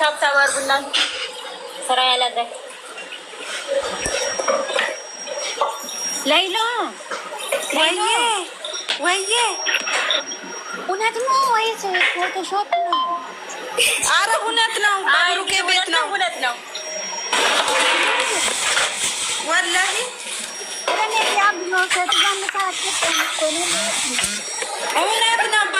ታብታብ አድርጉና ስራ ያላገኝ ላይላ ወይዬ ወይዬ እውነት ነው ወይስ ፎቶሾፕ ነው? አረ እውነት ነው። ባሩኬ ቤት ነው። እውነት ነው። ወላሂ እውነት ነው።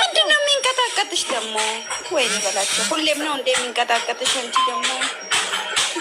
ምንድን ነው የሚንቀጣቀጥሽ ደግሞ? ወይኔ በላቸው ሁሌም ነው እንደ የሚንቀጣቀጥሽ አንቺ ደግሞ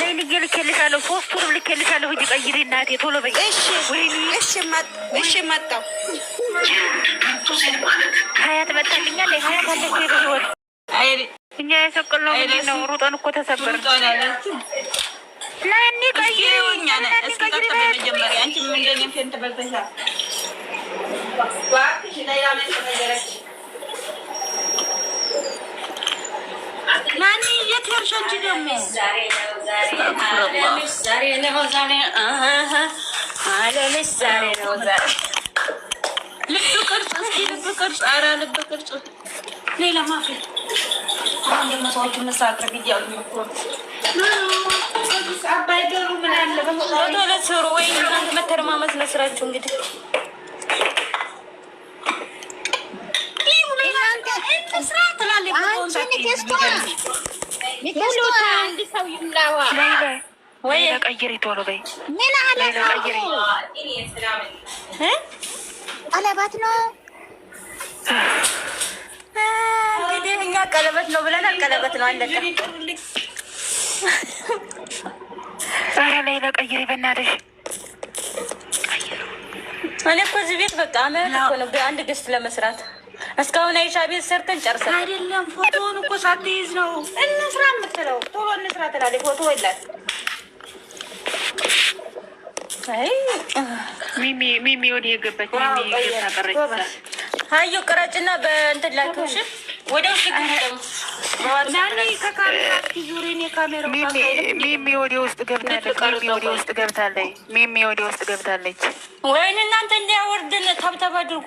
ላይ ልጄ ልኬልሻለሁ፣ ሶስቱንም ልኬልሻለሁ። እጅ ቀይሪ እናቴ ቶሎ በይ። እሺ እሺ፣ መጣሁ። ሀያት መጣልኛል። ሀያት አለች በህይወት እኛ የሰቀልነው ምንድን ነው? ሩጠን እኮ ተሰበረ። ለእኔ ቀይሪ፣ ለእኔ ቀይሪ Claro que ሌላ ነገር ነገረች። ማን የት ሄድሽ አንቺ ደግሞ? ዛሬ ነው ዛሬ አለለች። ዛሬ ነው ዛሬ ልብ ቅርጽ፣ እስኪ ልብ ቅርጽ፣ ኧረ ልብ ቅርጽ። ሌላ ማፊ አሁን ደግሞ ሰዎቹ ምሳ አቅርብ እያሉ አባይ ገሩ ምን አለ በቶሎ ስሩ ወይ እናንተ መተረማመስ ነው ስራችሁ እንግዲህ ቀለበት ነው እንግዲህ እኛ ቀለበት ነው ብለናል። ቀለበት ነው አለቀ። ኧረ ሌላ ቀይሪ በእናትሽ። እኔ እኮ እዚህ ቤት በቃ አመት እኮ ነው በአንድ ገስት ለመስራት እስካሁን አይሻ ቤት ሰርተን ጨርሰን አይደለም። ፎቶውን እኮ ሳትይዝ ነው እንስራ የምትለው። ቶሎ እንስራ ትላለች። ፎቶ የላት ሚሚ ሚሚ ወደ የገባች አዩ ቅረጭና በእንትን ላክሽ ወደ ውስጥ ሚሚ ወደ ውስጥ ገብታለች። ወደ ውስጥ ገብታለች። ሚሚ ወደ ውስጥ ገብታለች። ወይን እናንተ እንዲያወርድን ታብታብ አድርጉ